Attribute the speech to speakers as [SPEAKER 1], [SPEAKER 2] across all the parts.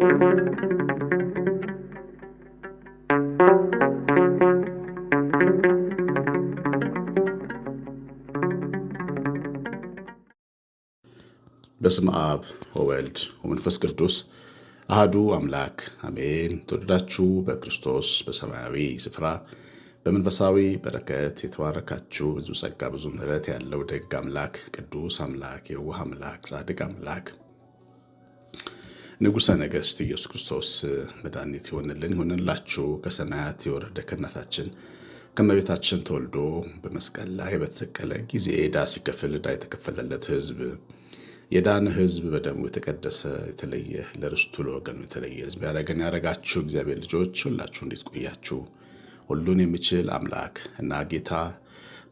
[SPEAKER 1] በስም አብ ወወልድ ወመንፈስ ቅዱስ አህዱ አምላክ አሜን። ተወደዳችሁ በክርስቶስ በሰማያዊ ስፍራ በመንፈሳዊ በረከት የተባረካችሁ ብዙ ጸጋ ብዙ ምሕረት ያለው ደግ አምላክ ቅዱስ አምላክ የውሃ አምላክ ጻድቅ አምላክ ንጉሠ ነገሥት ኢየሱስ ክርስቶስ መድኃኒት ይሆንልን ይሆንላችሁ። ከሰማያት የወረደ ከእናታችን ከመቤታችን ተወልዶ በመስቀል ላይ በተሰቀለ ጊዜ ዕዳ ሲከፍል ዕዳ የተከፈለለት ሕዝብ የዳነ ሕዝብ በደሙ የተቀደሰ የተለየ ለርስቱ ለወገኑ የተለየ ሕዝብ ያደረገን ያደረጋችሁ እግዚአብሔር ልጆች ሁላችሁ እንዴት ቆያችሁ? ሁሉን የሚችል አምላክ እና ጌታ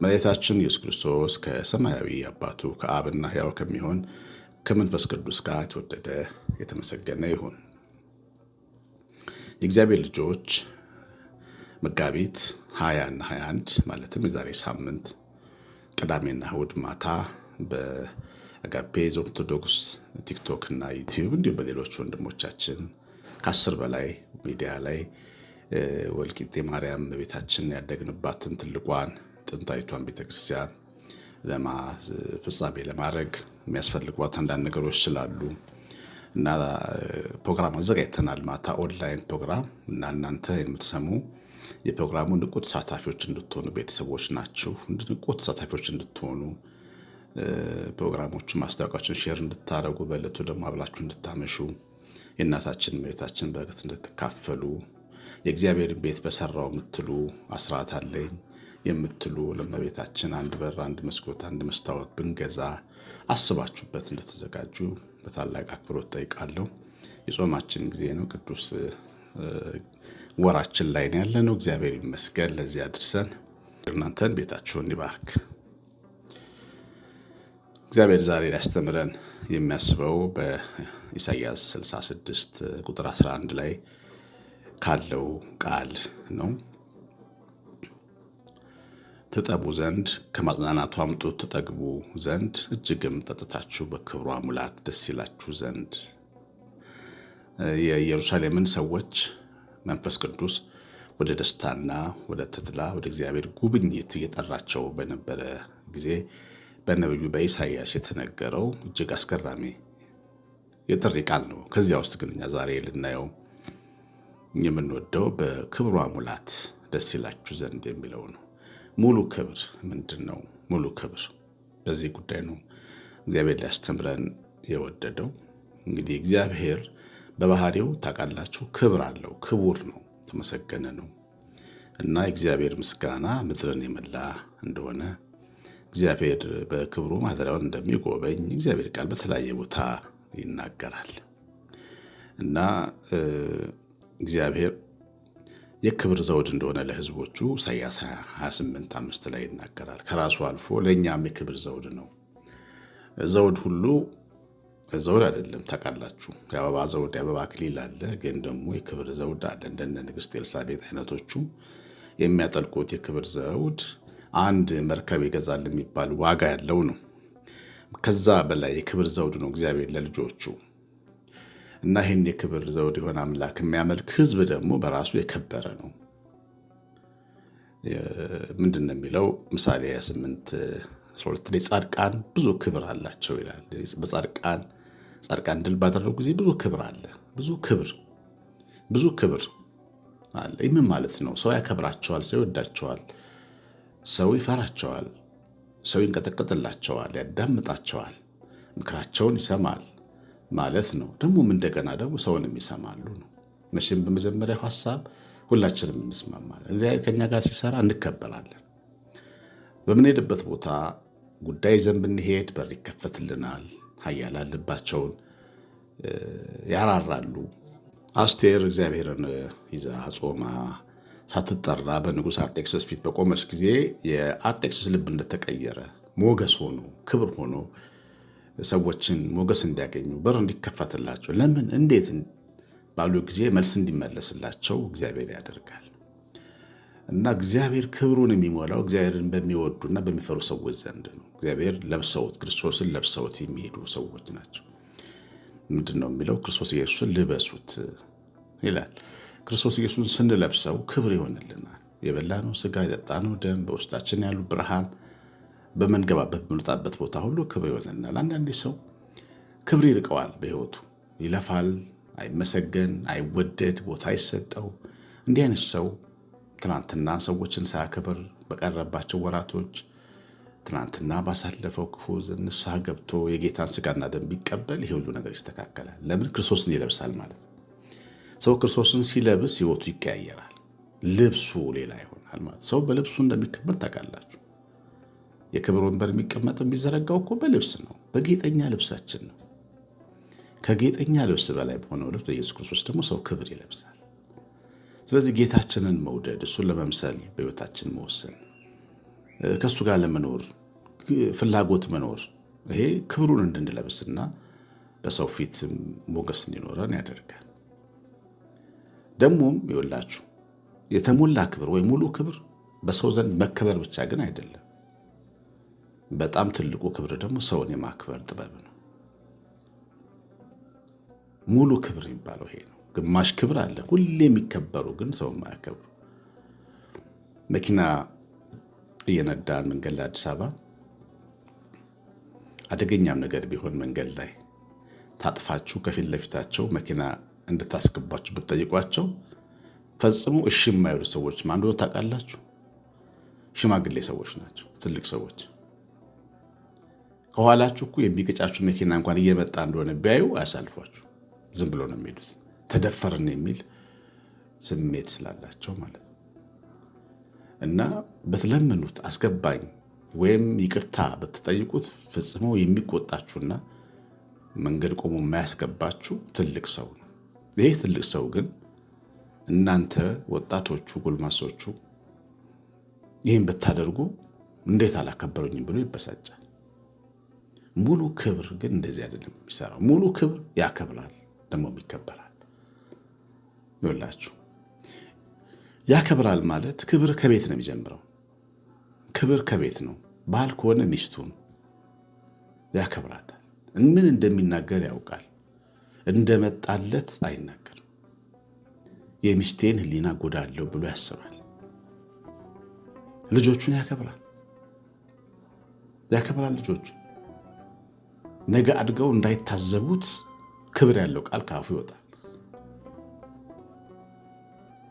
[SPEAKER 1] መሬታችን ኢየሱስ ክርስቶስ ከሰማያዊ አባቱ ከአብና ሕያው ከሚሆን ከመንፈስ ቅዱስ ጋር የተወደደ የተመሰገነ ይሁን። የእግዚአብሔር ልጆች መጋቢት 20 እና 21 ማለትም የዛሬ ሳምንት ቅዳሜና እሑድ ማታ በአጋፔ ኦርቶዶክስ ቲክቶክ እና ዩቲዩብ እንዲሁም በሌሎች ወንድሞቻችን ከአስር በላይ ሚዲያ ላይ ወልቂጤ ማርያም ቤታችን ያደግንባትን ትልቋን ጥንታዊቷን ቤተክርስቲያን ለማ ፍጻሜ ለማድረግ የሚያስፈልጓት አንዳንድ ነገሮች ስላሉ እና ፕሮግራም አዘጋጅተናል። ማታ ኦንላይን ፕሮግራም እና እናንተ የምትሰሙ የፕሮግራሙ ንቁ ተሳታፊዎች እንድትሆኑ ቤተሰቦች ናችሁ፣ ንቁ ተሳታፊዎች እንድትሆኑ ፕሮግራሞቹ ማስታወቂያዎችን ሼር እንድታደረጉ በዕለቱ ደግሞ አብላችሁ እንድታመሹ የእናታችን እመቤታችን በረከት እንድትካፈሉ የእግዚአብሔርን ቤት በሰራው የምትሉ አስራት አለኝ የምትሉ ለመቤታችን አንድ በር፣ አንድ መስኮት፣ አንድ መስታወት ብንገዛ አስባችሁበት እንደተዘጋጁ በታላቅ አክብሮት ጠይቃለሁ። የጾማችን ጊዜ ነው። ቅዱስ ወራችን ላይ ነው ያለነው። እግዚአብሔር ይመስገን ለዚህ አድርሰን። እናንተን ቤታችሁን ይባርክ። እግዚአብሔር ዛሬ ሊያስተምረን የሚያስበው በኢሳይያስ 66 ቁጥር 11 ላይ ካለው ቃል ነው። ትጠቡ ዘንድ ከማጽናናቷም አምጡ ትጠግቡ ዘንድ እጅግም ጠጥታችሁ በክብሯ ሙላት ደስ ይላችሁ ዘንድ የኢየሩሳሌምን ሰዎች መንፈስ ቅዱስ ወደ ደስታና ወደ ተድላ ወደ እግዚአብሔር ጉብኝት እየጠራቸው በነበረ ጊዜ በነቢዩ በኢሳይያስ የተነገረው እጅግ አስገራሚ የጥሪ ቃል ነው። ከዚያ ውስጥ ግን እኛ ዛሬ ልናየው የምንወደው በክብሯ ሙላት ደስ ይላችሁ ዘንድ የሚለው ነው። ሙሉ ክብር ምንድን ነው? ሙሉ ክብር በዚህ ጉዳይ ነው እግዚአብሔር ሊያስተምረን የወደደው። እንግዲህ እግዚአብሔር በባህሪው ታውቃላችሁ፣ ክብር አለው፣ ክቡር ነው፣ የተመሰገነ ነው እና እግዚአብሔር ምስጋና ምድርን የመላ እንደሆነ እግዚአብሔር በክብሩ ማደሪያውን እንደሚጎበኝ እግዚአብሔር ቃል በተለያየ ቦታ ይናገራል እና እግዚአብሔር የክብር ዘውድ እንደሆነ ለህዝቦቹ ኢሳያስ 28 አምስት ላይ ይናገራል። ከራሱ አልፎ ለእኛም የክብር ዘውድ ነው። ዘውድ ሁሉ ዘውድ አይደለም ታውቃላችሁ። የአበባ ዘውድ የአበባ አክሊል አለ፣ ግን ደግሞ የክብር ዘውድ አለ። እንደነ ንግስት ኤልሳቤጥ አይነቶቹ የሚያጠልቁት የክብር ዘውድ አንድ መርከብ ይገዛል የሚባል ዋጋ ያለው ነው። ከዛ በላይ የክብር ዘውድ ነው እግዚአብሔር ለልጆቹ እና ይህን የክብር ዘውድ የሆነ አምላክ የሚያመልክ ህዝብ ደግሞ በራሱ የከበረ ነው። ምንድን ነው የሚለው? ምሳሌ 28 12 ላይ ጻድቃን ብዙ ክብር አላቸው ይላል። በጻድቃን ጻድቃን ድል ባደረጉ ጊዜ ብዙ ክብር አለ። ብዙ ክብር ብዙ ክብር አለ። ይህ ምን ማለት ነው? ሰው ያከብራቸዋል፣ ሰው ይወዳቸዋል፣ ሰው ይፈራቸዋል፣ ሰው ይንቀጠቀጥላቸዋል፣ ያዳምጣቸዋል፣ ምክራቸውን ይሰማል ማለት ነው። ደግሞም እንደገና ደግሞ ሰውንም ይሰማሉ ነው። መቼም በመጀመሪያው ሀሳብ ሁላችንም እንስማማለን። እግዚአብሔር ከኛ ጋር ሲሰራ እንከበራለን። በምንሄድበት ቦታ ጉዳይ ዘንብ ብንሄድ በር ይከፈትልናል። ኃያላን ልባቸውን ያራራሉ። አስቴር እግዚአብሔርን ይዛ ጾማ ሳትጠራ በንጉሥ አርጤክስስ ፊት በቆመች ጊዜ የአርጤክስስ ልብ እንደተቀየረ ሞገስ ሆኖ ክብር ሆኖ ሰዎችን ሞገስ እንዲያገኙ በር እንዲከፈትላቸው ለምን እንዴት ባሉ ጊዜ መልስ እንዲመለስላቸው እግዚአብሔር ያደርጋል እና እግዚአብሔር ክብሩን የሚሞላው እግዚአብሔርን በሚወዱና በሚፈሩ ሰዎች ዘንድ ነው። እግዚአብሔር ለብሰውት ክርስቶስን ለብሰውት የሚሄዱ ሰዎች ናቸው። ምንድን ነው የሚለው? ክርስቶስ ኢየሱስን ልበሱት ይላል። ክርስቶስ ኢየሱስን ስንለብሰው ክብር ይሆንልናል። የበላነው ስጋ የጠጣነው ደም በውስጣችን ያሉ ብርሃን በምንገባበት በምንወጣበት ቦታ ሁሉ ክብር ይሆነናል። አንዳንድ ሰው ክብር ይርቀዋል። በህይወቱ ይለፋል፣ አይመሰገን፣ አይወደድ፣ ቦታ አይሰጠው። እንዲህ አይነት ሰው ትናንትና ሰዎችን ሳያከብር በቀረባቸው ወራቶች ትናንትና ባሳለፈው ክፉ ንስሐ ገብቶ የጌታን ስጋና ደም ቢቀበል ይሄ ሁሉ ነገር ይስተካከላል። ለምን? ክርስቶስን ይለብሳል ማለት ነው። ሰው ክርስቶስን ሲለብስ ህይወቱ ይቀያየራል፣ ልብሱ ሌላ ይሆናል ማለት ሰው በልብሱ እንደሚከበር ታውቃላችሁ። የክብር ወንበር የሚቀመጠው የሚዘረጋው እኮ በልብስ ነው፣ በጌጠኛ ልብሳችን ነው። ከጌጠኛ ልብስ በላይ በሆነው ልብስ በኢየሱስ ክርስቶስ ደግሞ ሰው ክብር ይለብሳል። ስለዚህ ጌታችንን መውደድ፣ እሱን ለመምሰል በሕይወታችን መወሰን፣ ከእሱ ጋር ለመኖር ፍላጎት መኖር፣ ይሄ ክብሩን እንድንለብስና በሰው ፊት ሞገስ እንዲኖረን ያደርጋል። ደግሞም ይወላችሁ የተሞላ ክብር ወይ ሙሉ ክብር በሰው ዘንድ መከበር ብቻ ግን አይደለም በጣም ትልቁ ክብር ደግሞ ሰውን የማክበር ጥበብ ነው። ሙሉ ክብር የሚባለው ይሄ ነው። ግማሽ ክብር አለ። ሁሌ የሚከበሩ ግን ሰው የማያከብሩ መኪና እየነዳን መንገድ ላይ አዲስ አበባ አደገኛም ነገር ቢሆን መንገድ ላይ ታጥፋችሁ ከፊት ለፊታቸው መኪና እንድታስገባችሁ ብትጠይቋቸው ፈጽሞ እሺ የማይሉ ሰዎች ማን ታውቃላችሁ? ሽማግሌ ሰዎች ናቸው፣ ትልቅ ሰዎች ከኋላችሁ እኮ የሚገጫችሁ መኪና እንኳን እየመጣ እንደሆነ ቢያዩ አያሳልፏችሁ። ዝም ብሎ ነው የሚሄዱት። ተደፈርን የሚል ስሜት ስላላቸው ማለት ነው። እና በተለመኑት አስገባኝ ወይም ይቅርታ በተጠይቁት ፈጽመው የሚቆጣችሁና መንገድ ቆሞ የማያስገባችሁ ትልቅ ሰው ነው። ይህ ትልቅ ሰው ግን እናንተ ወጣቶቹ፣ ጎልማሶቹ ይህን ብታደርጉ እንዴት አላከበሩኝም ብሎ ይበሳጫል። ሙሉ ክብር ግን እንደዚህ አይደለም የሚሰራው። ሙሉ ክብር ያከብራል፣ ደግሞም ይከበራል። ይወላችሁ ያከብራል ማለት ክብር ከቤት ነው የሚጀምረው። ክብር ከቤት ነው። ባል ከሆነ ሚስቱን ያከብራታል። ምን እንደሚናገር ያውቃል። እንደመጣለት አይናገርም። የሚስቴን ሕሊና ጎዳለሁ ብሎ ያስባል። ልጆቹን ያከብራል ያከብራል ልጆቹን ነገ አድገው እንዳይታዘቡት ክብር ያለው ቃል ካፉ ይወጣል።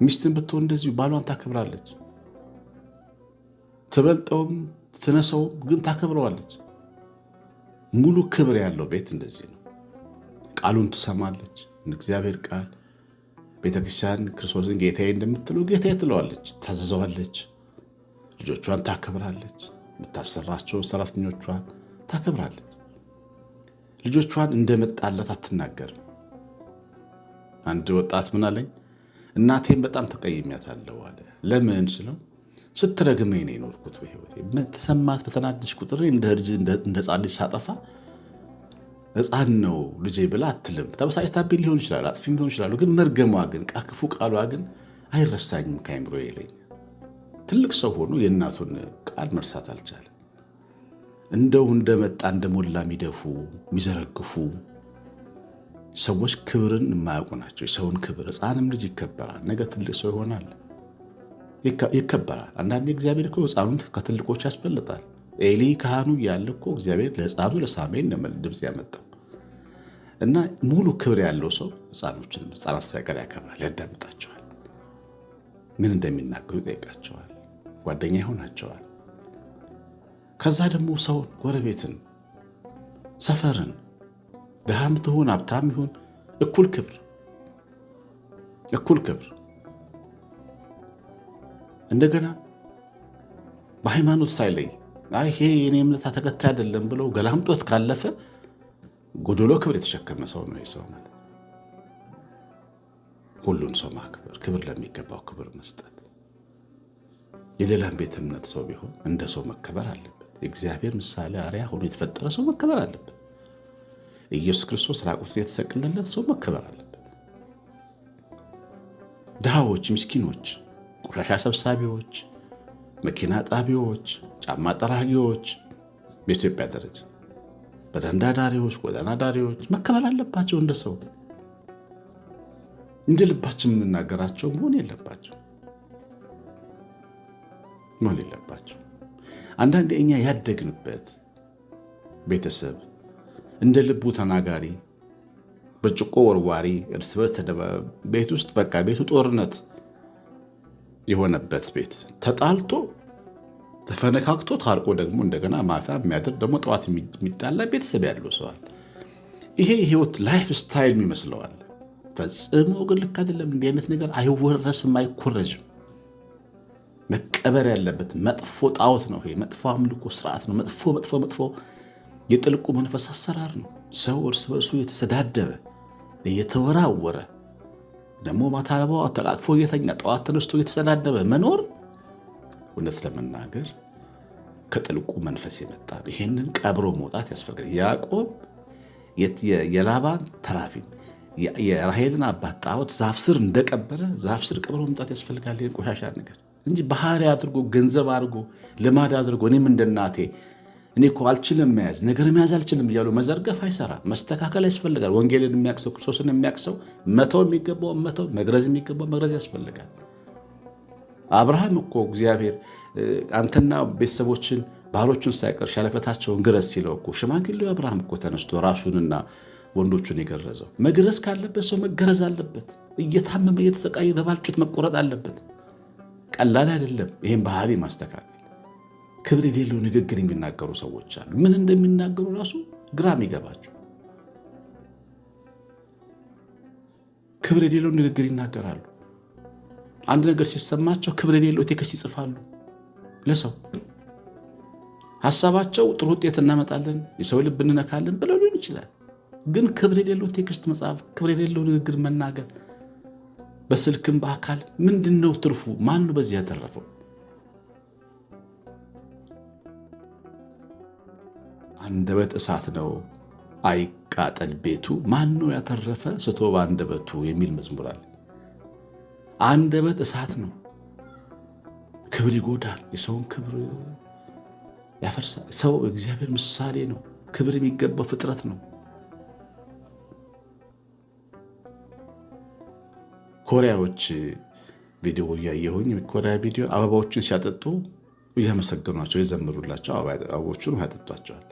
[SPEAKER 1] ሚስትን ብትሆን እንደዚሁ ባሏን ታከብራለች። ትበልጠውም ትነሰውም ግን ታከብረዋለች። ሙሉ ክብር ያለው ቤት እንደዚህ ነው። ቃሉን ትሰማለች። እግዚአብሔር ቃል ቤተክርስቲያን ክርስቶስን ጌታዬ እንደምትለው ጌታዬ ትለዋለች፣ ታዘዘዋለች። ልጆቿን ታከብራለች። የምታሰራቸው ሰራተኞቿን ታከብራለች። ልጆቿን እንደመጣለት አትናገርም። አንድ ወጣት ምን አለኝ፣ እናቴን በጣም ተቀይሜያታለሁ አለ። ለምን ስለው ስትረግመኝ ነው የኖርኩት በህይወቴ። በተሰማት በተናደድሽ ቁጥር እንደ ህፃን ልጅ ሳጠፋ ህፃን ነው ልጄ ብላ አትልም። ተበሳጭታብኝ ሊሆን ይችላል፣ አጥፊም ሊሆን ይችላሉ። ግን መርገሟ ግን ክፉ ቃሏ ግን አይረሳኝም ከአይምሮ ይለኝ። ትልቅ ሰው ሆኖ የእናቱን ቃል መርሳት አልቻለም። እንደው እንደመጣ እንደሞላ የሚደፉ የሚዘረግፉ ሰዎች ክብርን የማያውቁ ናቸው። የሰውን ክብር ህፃንም ልጅ ይከበራል፣ ነገ ትልቅ ሰው ይሆናል፣ ይከበራል። አንዳንዴ እግዚአብሔር እኮ ሕፃኑን ከትልቆች ያስበልጣል። ኤሊ ካህኑ እያለ እኮ እግዚአብሔር ለህፃኑ ለሳሜን ነመል ድምፅ ያመጣው እና ሙሉ ክብር ያለው ሰው ህፃኖችን ህፃናት ሳይቀር ያከብራል፣ ያዳምጣቸዋል፣ ምን እንደሚናገሩ ይጠይቃቸዋል፣ ጓደኛ ይሆናቸዋል። ከዛ ደግሞ ሰውን፣ ጎረቤትን፣ ሰፈርን ድሃም ትሁን ሀብታም ይሁን እኩል ክብር እኩል ክብር። እንደገና በሃይማኖት ሳይለይ ይሄ የኔ እምነት ተከታይ አይደለም ብለው ገላምጦት ካለፈ ጎደሎ ክብር የተሸከመ ሰው ነው ሰው ማለት። ሁሉን ሰው ማክበር፣ ክብር ለሚገባው ክብር መስጠት። የሌላን ቤት እምነት ሰው ቢሆን እንደ ሰው መከበር አለ። እግዚአብሔር ምሳሌ አርያ ሆኖ የተፈጠረ ሰው መከበር አለበት። ኢየሱስ ክርስቶስ ራቁቱን የተሰቀለለት ሰው መከበር አለበት። ድሃዎች፣ ምስኪኖች፣ ቆሻሻ ሰብሳቢዎች፣ መኪና ጣቢዎች፣ ጫማ ጠራጊዎች በኢትዮጵያ ደረጃ በረንዳ ዳሪዎች፣ ጎዳና ዳሪዎች መከበር አለባቸው። እንደ ሰው እንደ ልባችን የምንናገራቸው መሆን የለባቸው መሆን የለባቸው። አንዳንዴ እኛ ያደግንበት ቤተሰብ እንደ ልቡ ተናጋሪ፣ ብርጭቆ ወርዋሪ፣ እርስ በርስ ቤት ውስጥ በቃ ቤቱ ጦርነት የሆነበት ቤት ተጣልቶ ተፈነካክቶ ታርቆ ደግሞ እንደገና ማታ የሚያደር ደግሞ ጠዋት የሚጣላ ቤተሰብ ያለው ሰዋል። ይሄ የህይወት ላይፍ ስታይል ይመስለዋል። ፈጽሞ ግን ልክ አይደለም። እንዲህ አይነት ነገር አይወረስም፣ አይኮረጅም። መቀበር ያለበት መጥፎ ጣዖት ነው። መጥፎ አምልኮ ስርዓት ነው። መጥፎ መጥፎ መጥፎ የጥልቁ መንፈስ አሰራር ነው። ሰው እርስ በርሱ እየተሰዳደበ እየተወራወረ ደግሞ ማታ አልባው ተቃቅፎ እየተኛ ጠዋት ተነስቶ እየተሰዳደበ መኖር እውነት ለመናገር ከጥልቁ መንፈስ የመጣ ነው። ይህንን ቀብሮ መውጣት ያስፈልጋል። ያዕቆብ የላባን ተራፊን የራሄልን አባት ጣዖት ዛፍ ስር እንደቀበረ ዛፍ ስር ቀብሮ መውጣት ያስፈልጋል። ይህን ቆሻሻ ነገር እንጂ ባህሪ አድርጎ ገንዘብ አድርጎ ልማድ አድርጎ እኔም እንደ እኔ እኮ አልችልም መያዝ ነገር መያዝ አልችልም እያሉ መዘርገፍ አይሰራ። መስተካከል ያስፈልጋል። ወንጌልን የሚያቅሰው ክርስቶስን የሚያቅሰው መተው የሚገባው መተው፣ መግረዝ የሚገባው መግረዝ ያስፈልጋል። አብርሃም እኮ እግዚአብሔር አንተና ቤተሰቦችን ባህሮቹን ሳይቀር ሸለፈታቸውን ግረዝ ሲለው እኮ ሽማግሌው አብርሃም እኮ ተነስቶ ራሱንና ወንዶቹን የገረዘው። መግረዝ ካለበት ሰው መገረዝ አለበት። እየታመመ እየተሰቃየ በባልጩት መቆረጥ አለበት። ቀላል አይደለም። ይህም ባህሪ ማስተካከል ክብር የሌለው ንግግር የሚናገሩ ሰዎች አሉ። ምን እንደሚናገሩ ራሱ ግራም ይገባቸው። ክብር የሌለው ንግግር ይናገራሉ። አንድ ነገር ሲሰማቸው ክብር የሌለው ቴክስት ይጽፋሉ ለሰው ሀሳባቸው ጥሩ ውጤት እናመጣለን፣ የሰው ልብ እንነካለን ብለው ሊሆን ይችላል። ግን ክብር የሌለው ቴክስት መጽሐፍ፣ ክብር የሌለው ንግግር መናገር በስልክም በአካል ምንድን ነው ትርፉ? ማን ነው በዚህ ያተረፈው? አንደበት እሳት ነው አይቃጠል ቤቱ። ማን ነው ያተረፈ ስቶ በአንደበቱ የሚል መዝሙር አለ። አንደበት እሳት ነው። ክብር ይጎዳል፣ የሰውን ክብር ያፈርሳል። ሰው እግዚአብሔር ምሳሌ ነው። ክብር የሚገባው ፍጥረት ነው። ኮሪያዎች ቪዲዮ እያየሁኝ ኮሪያ ቪዲዮ አበባዎችን ሲያጠጡ እያመሰገኗቸው የዘምሩላቸው አበቦቹን ያጠጧቸዋል።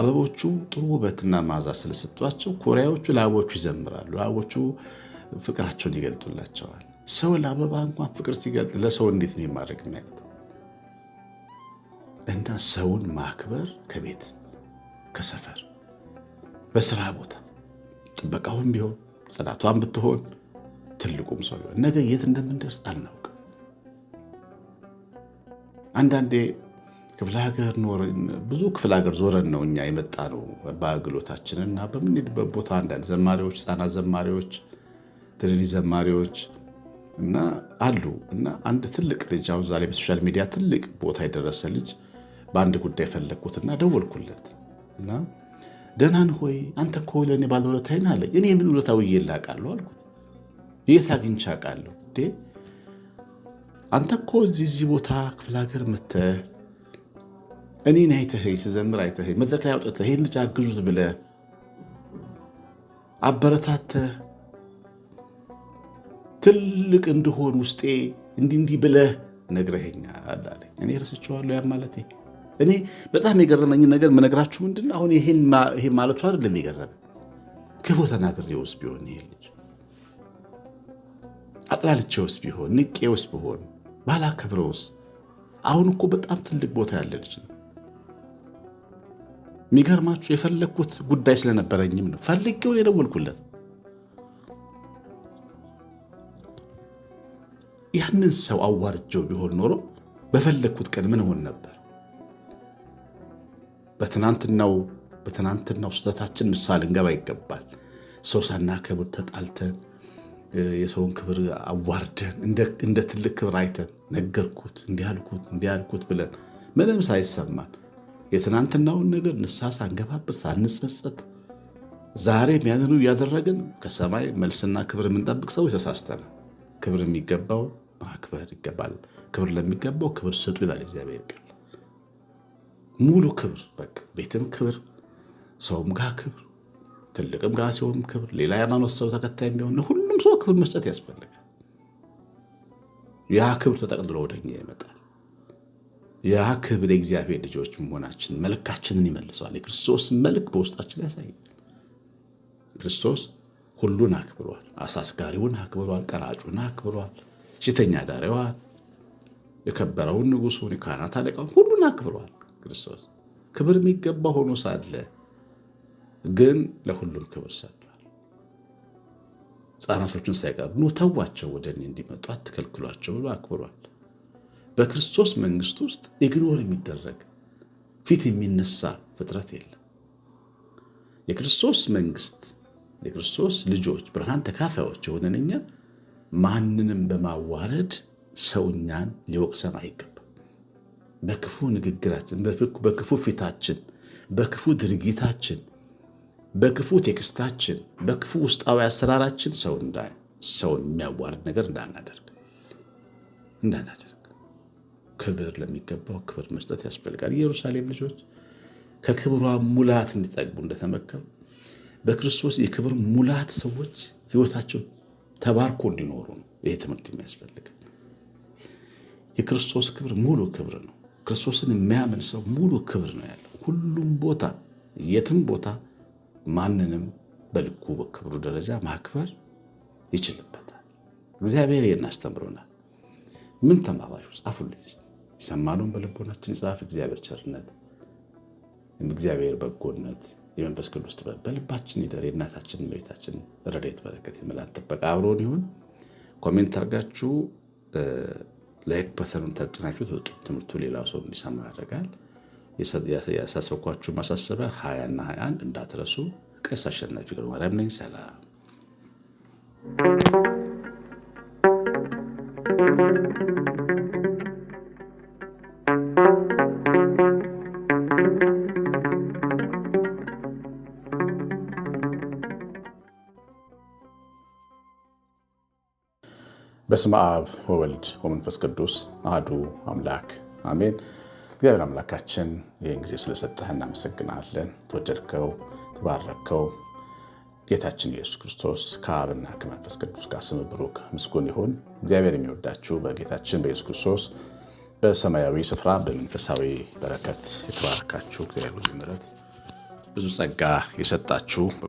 [SPEAKER 1] አበቦቹ ጥሩ ውበትና መዓዛ ስለሰጧቸው ኮሪያዎቹ ለአበቦቹ ይዘምራሉ። አበቦቹ ፍቅራቸውን ይገልጡላቸዋል። ሰው ለአበባ እንኳን ፍቅር ሲገልጥ ለሰው እንዴት ነው የማድረግ የሚያቅተው? እና ሰውን ማክበር ከቤት ከሰፈር፣ በስራ ቦታ ጥበቃውም ቢሆን ጽዳቷን ብትሆን ትልቁም ሰው ቢሆን ነገ የት እንደምንደርስ አልናውቅም። አንዳንዴ ክፍለ ሀገር ብዙ ክፍለ ሀገር ዞረን ነው እኛ የመጣ ነው በአገሎታችን እና በምንሄድበት ቦታ አንዳንድ ዘማሪዎች፣ ህፃናት ዘማሪዎች፣ ትንንሽ ዘማሪዎች እና አሉ እና አንድ ትልቅ ልጅ አሁን ዛሬ በሶሻል ሚዲያ ትልቅ ቦታ የደረሰ ልጅ በአንድ ጉዳይ እና ደወልኩለት እና ደህና ነህ ሆይ አንተ እኮ ለእኔ ባለውለታዬ ነህ አለኝ። እኔ የምን ውለታ ውዬ አልኩት። የት አግኝቼ አውቃለሁ? አንተ እኮ እዚህ ቦታ ክፍለ ሀገር መተህ እኔን አይተኸኝ ስዘምር አይተኸኝ መድረክ ላይ አውጥተህ ይህን ልጅ አግዙት ብለህ አበረታተህ ትልቅ እንድሆን ውስጤ እንዲህ እንዲህ ብለህ ነግረኸኛል አለኝ። እኔ ረስቼዋለሁ። ያ ማለት እኔ በጣም የገረመኝ ነገር መነግራችሁ ምንድን አሁን ይሄን ማለቱ አይደለም የገረመኝ ክፉ ተናግሬውስ ቢሆን ይሄ ልጅ አጥላልቼውስ ቢሆን ንቄውስ ቢሆን ባላከብረውስ? አሁን እኮ በጣም ትልቅ ቦታ ያለ ልጅ ነው። የሚገርማችሁ የፈለግኩት ጉዳይ ስለነበረኝም ነው። ፈልጌውን የደወልኩለት ያንን ሰው አዋርጀው ቢሆን ኖሮ በፈለግኩት ቀን ምን ሆን ነበር? በትናንትናው በትናንትናው ስህተታችን ንስሐ ልንገባ ይገባል። ሰው ሳናከብር ተጣልተን የሰውን ክብር አዋርደን እንደ ትልቅ ክብር አይተን ነገርኩት እንዲያልኩት እንዲያልኩት ብለን ምንም ሳይሰማን የትናንትናውን ነገር ንስሐ ሳንገባበት ሳንጸጸት ዛሬ ያንኑ እያደረግን ከሰማይ መልስና ክብር የምንጠብቅ ሰው የተሳስተነ። ክብር የሚገባው ማክበር ይገባል። ክብር ለሚገባው ክብር ስጡ ይላል እግዚአብሔር ቃል። ሙሉ ክብር በቃ ቤትም ክብር፣ ሰውም ጋር ክብር ትልቅም ጋር ሲሆን ክብር፣ ሌላ ሃይማኖት ሰው ተከታይ የሚሆን ሁሉም ሰው ክብር መስጠት ያስፈልጋል። ያ ክብር ተጠቅልሎ ወደኛ ይመጣል። ያ ክብር የእግዚአብሔር ልጆች መሆናችን መልካችንን ይመልሰዋል። የክርስቶስ መልክ በውስጣችን ያሳያል። ክርስቶስ ሁሉን አክብሯል። አሳስጋሪውን አክብሯል። ቀራጩን አክብሯል። ሽተኛ ዳሪዋን፣ የከበረውን ንጉሱን፣ የካህናት አለቃውን ሁሉን አክብሯል። ክርስቶስ ክብር የሚገባ ሆኖ ሳለ ግን ለሁሉም ክብር ሰጥቷል። ሕፃናቶችን ሳይቀር ኑ ተዋቸው፣ ወደ እኔ እንዲመጡ አትከልክሏቸው ብሎ አክብሯል። በክርስቶስ መንግስት ውስጥ ኢግኖር የሚደረግ ፊት የሚነሳ ፍጥረት የለም። የክርስቶስ መንግስት የክርስቶስ ልጆች ብርሃን ተካፋዮች የሆነን እኛ ማንንም በማዋረድ ሰውኛን ሊወቅሰን አይገባም። በክፉ ንግግራችን፣ በክፉ ፊታችን፣ በክፉ ድርጊታችን በክፉ ቴክስታችን፣ በክፉ ውስጣዊ አሰራራችን ሰው ሰው የሚያዋርድ ነገር እንዳናደርግ እንዳናደርግ ክብር ለሚገባው ክብር መስጠት ያስፈልጋል። ኢየሩሳሌም ልጆች ከክብሯ ሙላት እንዲጠግቡ እንደተመከሩ በክርስቶስ የክብር ሙላት ሰዎች ህይወታቸው ተባርኮ እንዲኖሩ ነው ይህ ትምህርት የሚያስፈልግ። የክርስቶስ ክብር ሙሉ ክብር ነው። ክርስቶስን የሚያምን ሰው ሙሉ ክብር ነው ያለው። ሁሉም ቦታ የትም ቦታ ማንንም በልኩ በክብሩ ደረጃ ማክበር ይችልበታል። እግዚአብሔር ይህን አስተምሮናል። ምን ተማራሹ? ጻፉልኝ። ይሰማነውን በልቦናችን ይጻፍ። እግዚአብሔር ቸርነት፣ እግዚአብሔር በጎነት፣ የመንፈስ ቅዱስ ጥበብ በልባችን ይደር። የእናታችን መቤታችን ረድኤት በረከት፣ የመላን ጥበቃ አብሮን ይሁን። ኮሜንት አርጋችሁ ላይክ በተኑን ተጭናችሁ ትምህርቱ ሌላው ሰው እንዲሰማ ያደርጋል። ያሳሰብኳችሁ ማሳሰቢያ 20 እና 21 እንዳትረሱ። ቄስ አሸናፊ ገብረ ማርያም ነኝ። ሰላም በስመ አብ ወወልድ ወመንፈስ ቅዱስ አሐዱ አምላክ አሜን። እግዚአብሔር አምላካችን ይህን ጊዜ ስለሰጠህ እናመሰግናለን። ተወደድከው፣ ተባረከው። ጌታችን ኢየሱስ ክርስቶስ ከአብና ከመንፈስ ቅዱስ ጋር ስም ብሩክ ምስጉን ይሁን። እግዚአብሔር የሚወዳችሁ በጌታችን በኢየሱስ ክርስቶስ በሰማያዊ ስፍራ በመንፈሳዊ በረከት የተባረካችሁ እግዚአብሔር ምሕረት ብዙ ጸጋ የሰጣችሁ